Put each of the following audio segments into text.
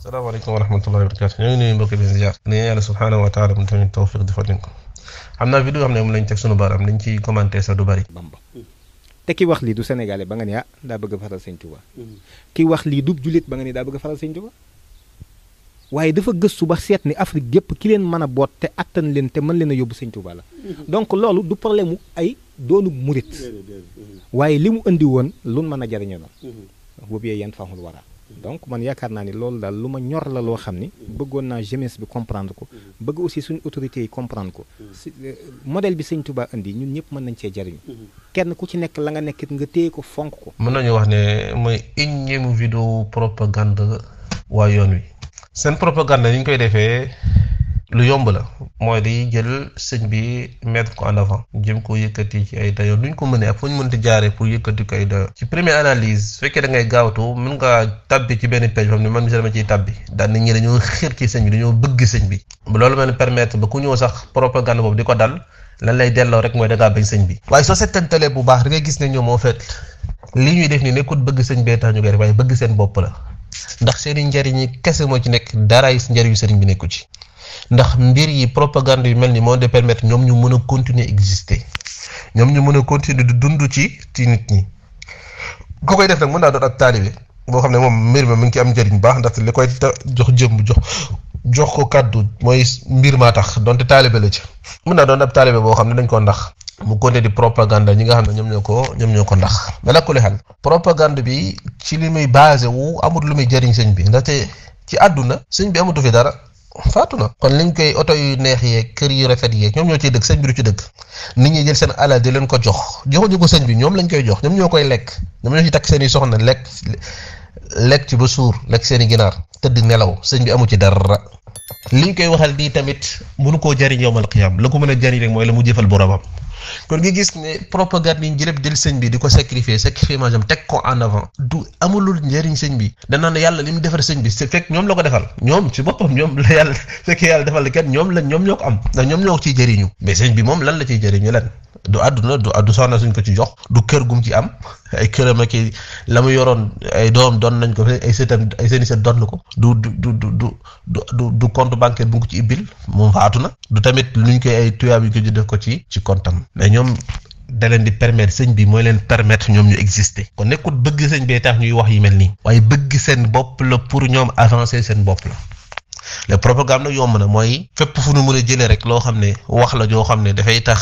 السلام عليكم ورحمة الله وبركاته ñu ngi nuyu mbokk bi subhanahu wa taala mu tamit tawfiq defal Amna ko xam naa vidéo xam ne moom lañ teg sunu baaraam dañ ciy commenté sa du bari bamba te ki wax lii du sénégalais ba nga ni ah bëgg faral ki wax lii du julit ba nga ni daa bëgg faral sëñ tuba waaye dafa gëstu ba seet ni afrique gépp ki leen mën a boot te attan leen te mën leen a yóbbu sëñ la hmm. donc du problème ay doonu murit waaye li mu andi woon lun mën a jariño la hmm. ya boobu yee yan donc man yaakaar naa ni loolu daal lu ma ñor la loo xam ni bëggoon naa jeunesse bi comprendre ko bëgg aussi suñu autorités yi comprendre ko mm-hmm. si euh, bi sëñ tubaa indi ñun ñëpp mën nañ cee jariñ mm-hmm. kenn ku ci nekk la nga nekkit nga téye ko fonk ko mën nañu wax ne mooy énième vidéo propagande waa yoon wi seen propagande ni ñu koy defee lu yomb la mooy day jël sëñ bi mettre ko en avant jëm ko yëkkati ci ay lu luñ ko mënee ak fu ñu mënti jaaree pour yëkkati ko ay dayoo ci première analyse su fekkee dangay ngay gaawtu mën ngaa tabbi ci benn pej fam ne man mi dama ciy tabbi daan nit ñi dañoo xër ci sëñ bi dañoo bëgg sëñ bi loolu mën permettre ba ku ñëw sax propagande boobu di ko dal lan lay delloo rek mooy da ngaa bañ sëñ bi waaye soo settantalee bu baax da ngay gis ne ñoom moo fekk li ñuy def ni nekkul bëgg sëñ bee tax ñu koy def waaye bëgg seen bopp la ndax seen i njariñ yi kese moo ci nekk daraay njariñu sëriñ bi nekku ci ndax mbir yi propagande yu mel ni moo de permettre ñoom ñu mën a continuer exister ñoom ñu mën a continuer di dund ci ci nit ñi ko koy def nag mën naa doon ak taalibe boo xam ne moom mbir ma mi ngi ci am njëriñ baax ndaxte li koy jox jëmm jox jox ko kàddu mooy mbir maa tax donte taalibe la ci mën naa doon ab taalibe boo xam ne dañ ko ndax mu continuer di propagande ñi nga xam ne ñoom ñoo ko ñoom ñoo ko ndax mais la ko li propagande bi ci li muy basé wu amul lu muy jëriñ sëñ bi ndaxte ci àdduna sëñ bi amatu fi dara faatu na kon liñ koy oto yu neex yeeg kër yu rafet yeeg ñoom ñoo ciy dëkk sëñ bi du ci dëkk nit ñi jël seen alal di leen ko jox joxuñu ko sëñ bi ñoom lañ koy jox ñoom ñoo koy lekk ñoom ñoo ci takk seeni soxna lekk lekk ci ba suur lekk seen i ginaar tëdd nelaw sëñ bi amu ci dara liñ koy waxal nii tamit mënu koo jariñ yowmal qiyaam la ko mën a jariñ rek mooy la mu jëfal boromam kon nga gis ne propagande yi ñu jëlëb jël sëñ bi di ko sacrifier sacrifier maanaam teg ko en avant du amulul njëriñ sëñ bi danaan yàlla li mu defar sëñ bi fekk ñoom la ko defal ñoom ci boppam ñoom la yàlla fekk yàlla ñoom la ñoom ñoo ko ñoom ñoo ko ciy jëriñu mais sëñ bi moom lan la ciy jëriñu lan du àdduna du du soxna suñ ko ci jox du kër gum ci am ay këram ak la mu yoroon ay doom doon nañ ko ay sëtam ay seeni sët doon na ko du du du du du du compte bancaire bu ci ibbil moom faatu na du tamit luñ koy ay tuyaab yu ko def ko ci ci compte am mais ñoom da leen di permettre sëñ bi mooy leen permettre ñoom ñu exister kon nekkul bëgg sëñ bee tax ñuy wax yu mel nii waaye bëgg seen bopp la pour ñoom avancer seen bopp la le propagande yomb na moy fep fu nu mën a rek lo xam wax la jo xam da fay tax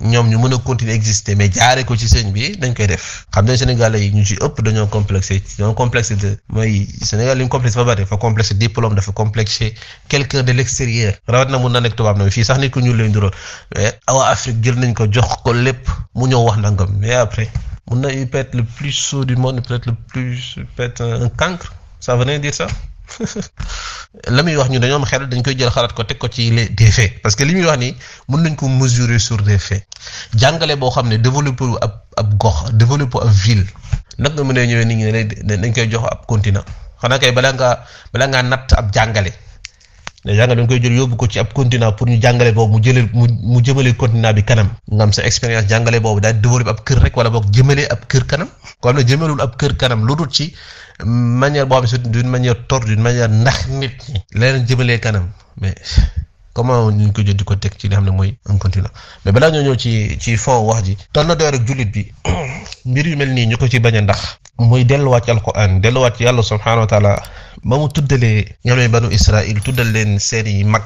ñom ñu mëna a continuer exister mais jaare ko ci sëñ bi dañ koy def xam ne Sénégalais yi ñu ci ëpp dañoo complexé dañoo complexé de mooy Sénégal li ñu complexe ba bari fa complexe diplôme dafa complexé quelqu'un de l'extérieur rawat na mun na nekk tubaab na fi sax nit ku ñu leen dural mais eh, awa Afrique jël nañ ko jox ko lepp mu ñëw wax nangam mais après mun na il peut être le plus sot du monde peut être le plus peut être un cancre ça venait dire ça la muy wax ñu dañoo am xel dañ koy jël xalaat ko teg ko ci le des parce que li muy wax ni mën nañ ko mesurer sur des faits jàngale boo xam ne développé ab ab gox développé ab ville nag nga mën a ñëwee nit ñi dañ koy jox ab continent xanaa kay balaa ngaa balaa ngaa natt ab jàngale. déjà nga doon koy jël yóbbu ko ci ab continent pour ñu jàngale boobu mu jëlee mu mu jëmalee continent bi kanam nga am sa expérience jàngale boobu daal di développé ab kër rek wala boog jëmale ab kër kanam ko xam ne jëmalul ab kër kanam lu dul ci manière boo xam ne c'est d'une manière tordue d'une ndax nit ñi leneen jëmalee kanam comment ñu ko jot di ko teg ci li xam ne mooy un continent mais balaa ñoo ñëw ci ci fond wax ji toll na doy rek jullit bi mbir yu mel nii ñu ko ci bañ a ndax muy delluwaat ci alquran delluwaat ci yàlla subhanahu wa taala ba mu tuddalee ñoom ne banu israil tuddal leen seen i mag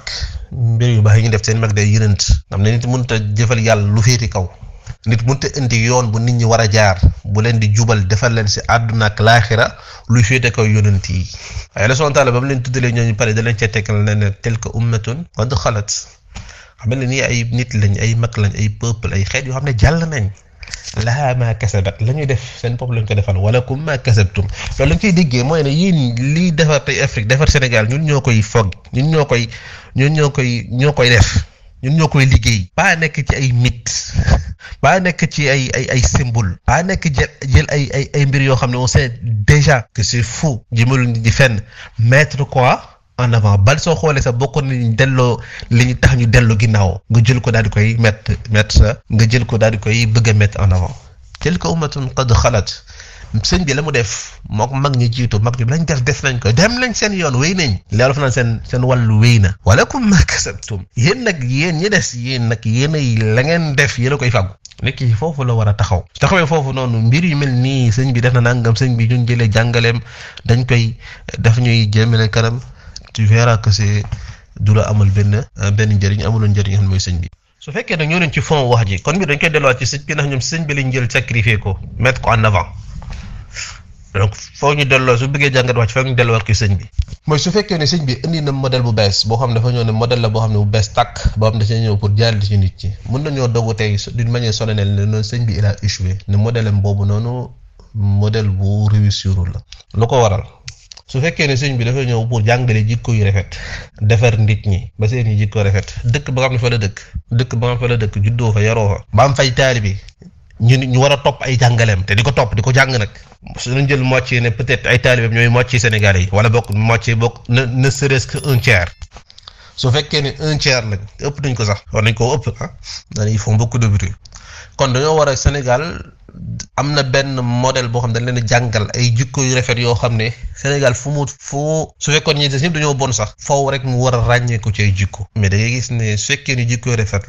mbir yu baax yi ñu def seen mag day yërënt xam na nit mënut a jëfal yàlla lu féeti kaw nit mënta indi yoon bu nit ñi war a jaar bu leen di jubal defal leen si àdduna ak laaxira luy féete kaw yonent yi waaye la sontaale ba mu leen tuddalee ñooñu pare da leen cee tekkal ne ne tilka ummatun qad xalat xam ne nii ay nit lañ ay mag lañ ay peuple ay xeet yoo xam ne jàll nañ laha ma kasabat la ñuy def seen bopp lañ ko defal wala kum ma kasabtum loolu lañ koy déggee mooy ne yéen liy defar tey Afrique defar Sénégal ñun ñoo koy foog ñun ñoo koy ñun ñoo koy ñoo koy def ñun ñoo koy liggéey ba nekk ci ay mythe ba nekk ci ay ay ay symbole ba nekk jël ay ay ay mbir yoo xam ne on sait déjà que c'est faux jëmalu nit ñi fenn mettre quoi en avant bal soo xoolee sax bokkoon nañu delloo li ñu tax ñu delloo ginnaaw nga jël ko daal di koy mettre mettre sa nga jël ko daal di koy bëgg a mettre en avant tilka ummatun qad xalat sëñ bi la mu def mook mag ñi jiitu mag ñi lañ def def nañ ko dem nañ seen yoon wéy nañ leerof naan seen seen wàllu wéy na walakum ma kasabtum yéen nag yéen ñi des yéen nag yéen ay la ngeen def yéen a koy fàggu nekk yi foofu la war a taxaw su taxawee foofu noonu mbir yu mel nii sëñ bi def na nangam sëñ bi ñun jëlee jàngaleem dañ koy daf ñuy jëmale kanam tu verras que c'est du la amal benn benn njëriñ amuloo njëriñ xam mooy sëñ bi su fekkee nag ñoo leen ci fond wax ji kon bi dañ koy delluwaat ci sëñ bi ndax ñoom sëñ bi lañ jël sacrifié ko mettre ko en avant donc foog ñu delloo su bëggee jàngat wàcc foog ñu ki sëñ bi. mooy su fekkee ne sëñ bi indi na modèle bu bees boo xam ne dafa ñëw ne modèle la boo xam ne bu bees tàkk boo xam ne dafa ñëw pour jaarale ci nit ñi mën nañoo dogu tey d'une manière solennelle ne noonu sëñ bi il a échoué ne modèle am boobu noonu modèle bu réussirul la. lu ko waral su fekkee ne sëñ bi dafa ñëw pour jàngale jikko yu rafet defar nit ñi ba seen i jikko rafet dëkk ba nga xam ne fa la dëkk dëkk ba nga xam ne fa la dëkk juddoo fa yaroo fa ba am fay taalibi ñu ñu war a topp ay jàngaleem te di ko topp di ko jàng nag su ñu jël moitié ne peut-être ay taalibeem ñooy moitié Sénégalais yi wala bokk moitié bokk ne ne serait-ce un tiers su fekkee ne un tiers nag ëpp nañ ko sax war nañ koo ëpp ah dañuy font beaucoup de bruit kon dañoo war a Sénégal am na benn modèle boo xam ne dañ leen jàngal ay jikko yu rafet yoo xam ne Sénégal fu mu fu su fekkoon ñi des ñëpp dañoo bon sax foofu rek mu war a ràññeeku ko ci ay jikko mais da gis ne su fekkee ni jikko yu rafet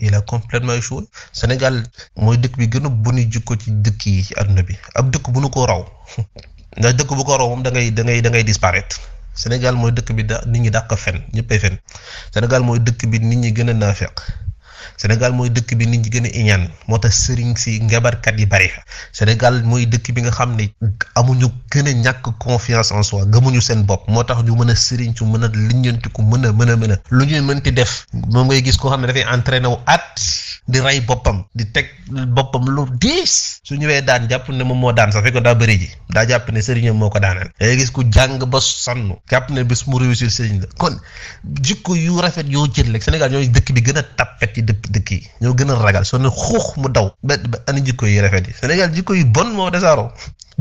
il a complètement échoué Sénégal mooy dëkk bi gën a boni jikko ci dëkk yi àdduna bi ab dëkk bu nu ko raw ndax dëkk bu ko raw moom da ngay da ngay da Sénégal mooy dëkk bi da nit ñi dàq fen ñëppay fen Sénégal mooy dëkk bi nit ñi gën a naafeq Sénégal mooy dëkk bi nit ñi gën a iñaan moo tax sëriñ si ngebarkat yi bari Sénégal mooy dëkk bi nga xam ne amuñu gën a ñàkk confiance en soi gëmuñu seen bopp moo tax ñu mën a sëriñ su mën a ku mën a mën a mën a lu ñuy mënti def moom ngay gis koo xam ne dafay entraîné wu at di rey boppam di teg boppam lu diis su ñëwee daan jàpp ne moom moo daan sax fekk daa bëri ji daa jàpp ne sëriñam moo ko daaneel dangay gis ku jàng ba sonn jàpp ne bés mu réussir sëriñ la kon jikko yu rafet yoo jël rek Sénégal ñooy dëkk bi gën a tappet yi dëkk dëkk yi ñoo gën a ragal soo ne xuux mu daw ba ba ani jikko yu rafet yi Sénégal jikko yi bon moo desaaroo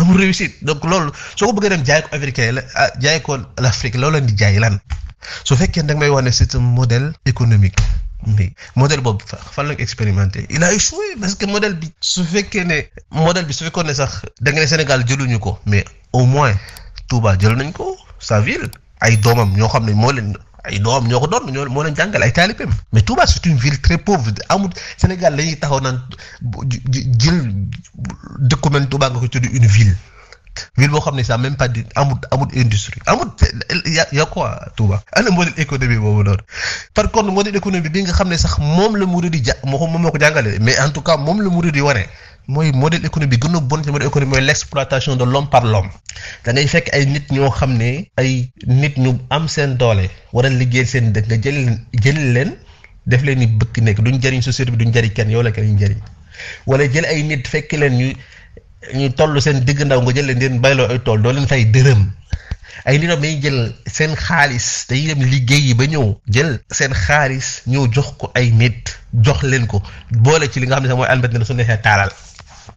amul réussit donc loolu soo ko bëggee dem jaay ko américain yi la ah jaay ko loolu leen di jaay lan su fekkee da nga may wax ne c'est un modèle économique mais modèle boobu fan la ko expérimenté il a échoué parce que modèle bi su fekkee ne modèle bi su fekkoon ne sax da ne Sénégal jëluñu ko mais au moins Touba jël nañ ko sa ville ay doomam ñoo xam ne moo leen. ay doom ñoko doon ñoo moo leen jàngale ay talibem mais Touba c'est une ville très pauvre amul Sénégal la ñuy taxaw naan jël dëkku mel Touba nga ko tudd une ville ville bo xamné ça même pas dit amul amul industrie amul ya quoi Touba. ana modèle économie boobu noonu par contre modèle économie bi nga xamné sax mom le murid di ja moko moo mais en tout cas mom le murid di waree. mooy modèle économique bi gën a bon ci modèle économique mooy l' exploitation de l'homme par l'homme da ngay fekk ay nit ñoo xam ne ay nit ñu am seen doole war a liggéey seen dëkk nga jël jël leen def leen ni bëkk nekk duñ jëriñ société bi duñ jëriñ kenn yow la kenn jëriñ wala jël ay nit fekk leen ñu ñu toll seen digg ndaw nga jël leen leen bayloo ay tool doo leen fay dërëm ay nitam may jël seen xaalis dañuy dem liggéey yi ba ñëw jël seen xaalis ñëw jox ko ay nit jox leen ko boole ci li nga xam ne sax mooy albert ne su neexee taalal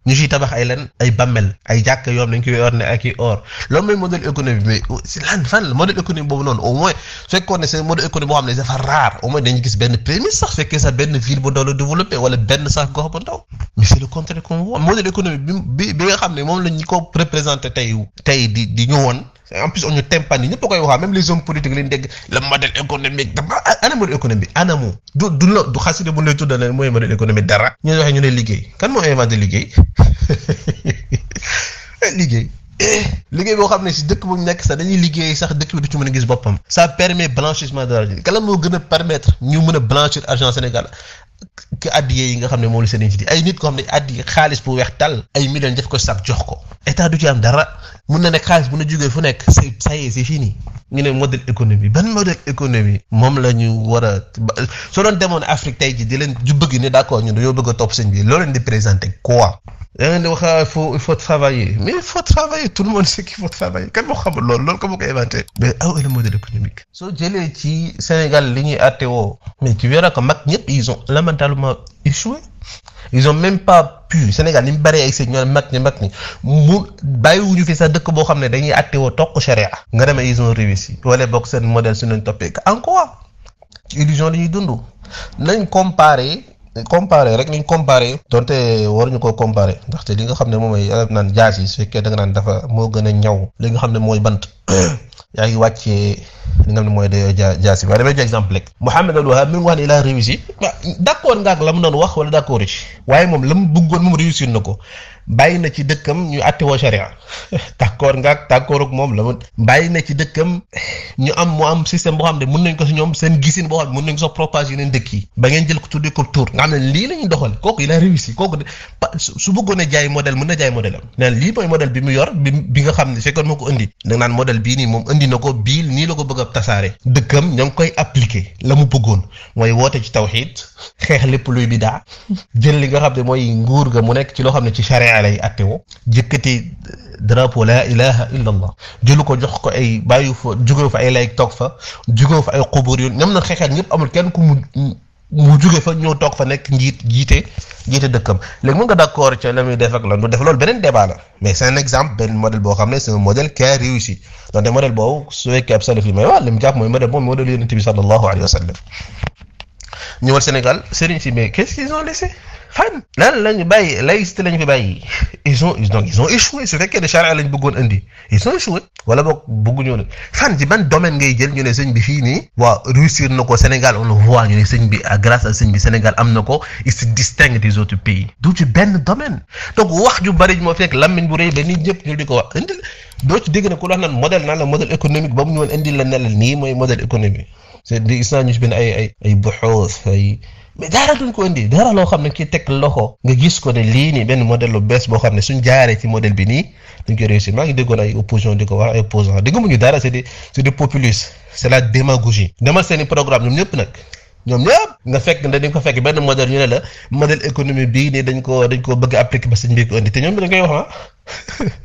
ñu ciy tabax ay lan ay bammel ay jàkk yoom dañ koy orne ak i or loolu mooy modèle économique mais si lan fan modèle économique boobu noonu au moins fekkoon ne c'est modèle économique boo xam ne dafa rare au moins dañu gis benn prémisse sax fekkee sax benn ville bu ndaw la développé wala benn sax gox bu ndaw mais c'est le contraire bi bi xam ne moom la ñu ko représenté tey tey di di ñu woon en plus on pas t'aime pourquoi même les hommes politiques le modèle économique modèle économique un du du bu tout modèle économique dara ñu ñu kan inventé eh, eh, si dëkk bu dañuy sax dëkk du ci ça permet blanchissement de l'argent kala permettre ñu blanchir argent Sénégal ki addiye yi nga xam ne moom la sëriñ si di ay nit ko xam ne addi xaalis bu weex tal ay million def ko sax jox ko état du ci am dara mun na ne xaalis bu na jógee fu nekk c'est ça y fii nii fini leen ne modèle économie ban modèle économie moom la ñu war a soo doon demoon Afrique tey ji di leen ju bëgg ne d'accord ñu dañoo bëgg a topp sëñ bi loo leen di présenter quoi da hein, il faut il faut travailler mais il faut travailler tout le monde sait qu'il faut travailler kan moo xamul loolu loolu ko ko inventé mais aw est le modèle économique soo jëlee ci Sénégal li ñuy àtte mais tu verras que mag ils ont lamentablement échoué ils ont même pas pu Sénégal ni mu avec ay seen ñoom mag ñi mag ñi mu bàyyiwuñu fi sax dëkk boo xam ne dañuy àtte woo toq charia nga ils ont réussi wala boog seen modèle su leen toppee en quoi illusion la ñuy dund nañ comparé rek lañ comparé donte ñu ko comparé ndaxte li nga xam ne moom mooy arab naan jaas yi su fekkee da nga naan dafa moo gën a ñaw li nga xam ne mooy bant yaa ngi wàccee li nga xam ne mooy de ja jaas yi waaye damay jox exemple rek Mouhamed Al Wahab mi ngi wax ne laa réussi waaw d' accord nga ak la mu doon wax wala d' accord waaye moom la mu bëggoon moom réussir na ko bàyyi na ci dëkkam ñu àttewoo sharia d'accord ngaak d'accorduk moom la ma bàyyi na ci dëkkam ñu am mu am système boo xam ne mën nañ ko si ñoom seen gisin boo xam ne mën nañ ko so yi ba ngeen ko tuddee ko tour nga xam ne lii la ñuy doxal kooku il a su bëggoon a jaay modèle mën na jaay modèle am naan lii mooy modèle bi mu yor bi nga xam ne fekkoon moo ko indi da naan modèle bii nii moom indi na ko bii nii la ko bëgg a dëkkam ña ngi koy appliquer la mu bëggoon mooy woote ci tawxiid xeex lépp luy bidaa jël li nga xam ne mooy nguur ga mu nekk ci loo xam ne ci sharia sénégalais yi atte woo jëkkati drapeau laa ilaha illa allah jëlu ko jox ko ay bàyyi fa jugee fa ay lay toog fa jugee fa ay xubur yu ñoom na xeexeet ñëpp amul kenn ku mu mu jugee fa ñëw toog fa nekk njiit jiite jiite dëkkam léegi mun nga d'accord ca la muy def ak lan du def loolu beneen débat la mais c'est un exemple benn modèle boo xam ne c'est un modèle qui a réussi donc modèle boobu su fekkee ab salaf yi may wax li mu jàpp mooy modèle moom modèle yonente bi sallallahu alayhi wa sallam ñëwal Sénégal sëriñ si mais qu'est-ce qu'ils ont laissé fan lan lañu bàyyi laïcité lañu fi bàyyi ils ont donc ils ont échoué su fekkee ne charia lañu bëggoon indi ils ont échoué wala boog bëgguñoo nag fan ci ban domaine ngay jël ñu ne sëñ bi fii nii waaw réussir na ko Sénégal on le voit ñu ne sëñ bi ah, grâce à sëñ bi Sénégal am na ko il se distingue des autres pays du ci benn domaine donc wax ju bari moo fekk lammiñ bu rëy ba nit ñëpp ñu di ko wax indi doo ci dégg na ku la naan modèle naan la modèle économique ba mu ñu woon indi la nelal nii mooy modèle économique c'est di gis naa ñu ci benn ay ay ay buxoos ay mais dara duñ ko indi dara loo xam ne kii teg loxo nga gis ko ne lii nii benn modèle lu bees boo xam ne suñ jaaree ci modèle bi nii dañ ko réussir maa ngi déggoon ay opposition di ko wax ay opposant dégguñu dara c'est des c'est des populistes c'est la démagogie demal seeni programme ñoom ñëpp nag ñoom ñëpp nga fekk dañ ko fekk benn modèle ñu ne la modèle économie bii nii dañ ko dañ ko bëgg appliquer ba sëñ bi ko indi te ñoom dañ koy wax ah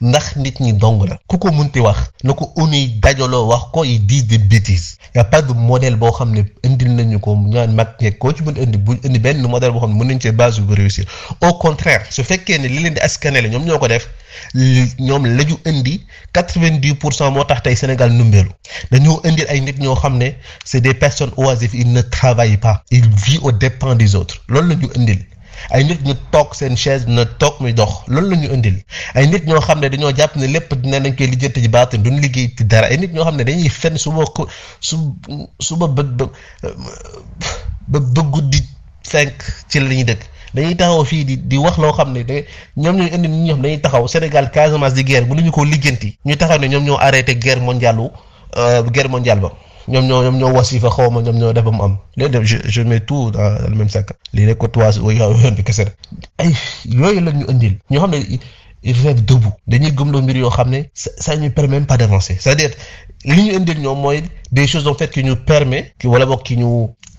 ndax nit ñi dong la ku ko munti wax na ko uni dajaloo wax ko yi diis de bêtise y a pas de modèle boo xam ne indil nañu ko ñaan mag ñeeg koo ci mën indi bu indi benn modèle boo xam ne mën nañu cee base bu réussir au contraire su fekkee ne li leen di askane la ñoom ñoo ko def ñoom lañu indi quatre vingt pour cent moo tax tey Sénégal numbeelu dañoo indil ay nit ñoo xam ne c'est des personnes oisives ils ne travaillent pas ils vivent aux dépens des autres loolu lañu ñu indil ay nit ñu toog seen chaise dina toog muy dox loolu la ñu indil ay nit ñoo xam ne dañoo jàpp ne lépp dina lañ koy lijjanti ci baatin duñ liggéey ci dara ay nit ñoo xam ne dañuy fen suba ko su suba ba ba ba guddi cinq ci la ñuy dëkk dañuy taxaw fii di di wax loo xam ne de ñoom ñooy indi ñi ñoo xam dañuy taxaw Sénégal Casamance di guerre ñu ko lijjanti ñu taxaw ne ñoom ñoo arrêté guerre mondiale wu euh, guerre mondiale ba. ñom ñoo ñom ñoo wasifa xaw ñom ñoo def ba mu am léegi je je mets tout dans le même sac lii rek côtoise yoon bi kese ay yoy la ñu andil ñoo xamné ne ils debout dañuy gëm gëmloo mbir yo xamné ça ñu permet même pas d'avancer c'est-à-dire li ñu indil ñom moy des choses en fait qui nous permet ki wala boog ki ñu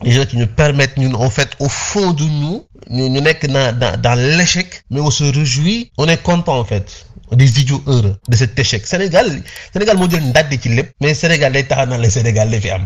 les gens qui nous permettent, nous, en fait, au fond de nous, nous, nous dans, dans, l'échec, mais on se réjouit, on est content, en fait. des idiots heureux de cet échec. Sénégal, Sénégal moo date une ci d'équilibre, mais Sénégal est dans le Sénégal les fermes.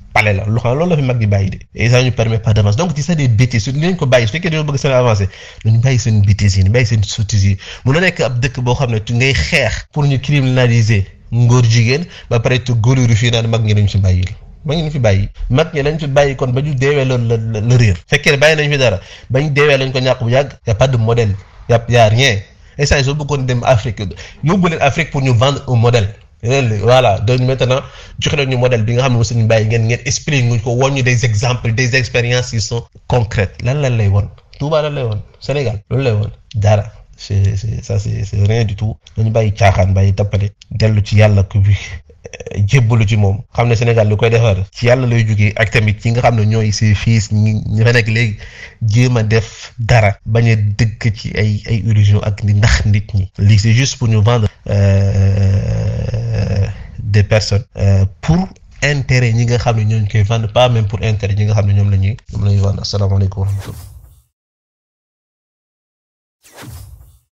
pale la la fi de et ça nous permet pas d'avancer donc c'est des bêtises ñu ko bàyyi su que bëgg seen avancer ñu bàyyi seen bêtises ñu bàyyi seen sottise yi na que ab dëkk bo tu ngay xeex pour ñu criminaliser ngor jigen ba pare tu góoriru fii naan mag ngi nañ fi mag ngi fi mag ñi lañ fi bàyyi kon ba ñu deewee le rire. la que nañ fi dara bañ déwé lañ ko ñak bu yag y a pas de modèle y a rien et ça veux bëggoon dem Afrique yóbbu Afrique pour ñu vendre un modèle voilà donc maintenant joxe nañu modèle bi nga xam ne mosu ñu bàyyi ngeen ngeen expliqué ko woon des exemples des expériences qui sont concrètes lan lan lay woon Touba lan lay woon Sénégal loolu lay woon dara c'est c'est ça c'est rien du tout dañu bàyyi caaxaan bàyyi tappale dellu ci yàlla ku bi jébbalu ci moom xam ne Sénégal lu koy defar ci yàlla lay jógee ak tamit ci nga xam ne ñooy ses fils ñi ñi fa nekk léegi jéem a def dara bañ a dëkk ci ay ay illusion ak ni ndax nit ñi lii c'est juste pour ñu vendre euh, des personnes euh, pour intérêt ñi nga xam ne ñooñu koy vendre pas même pour intérêt ñi nga xam ne ñoom la ñuy ñoom la ñuy vendre asalaamaaleykum wa rahmatullah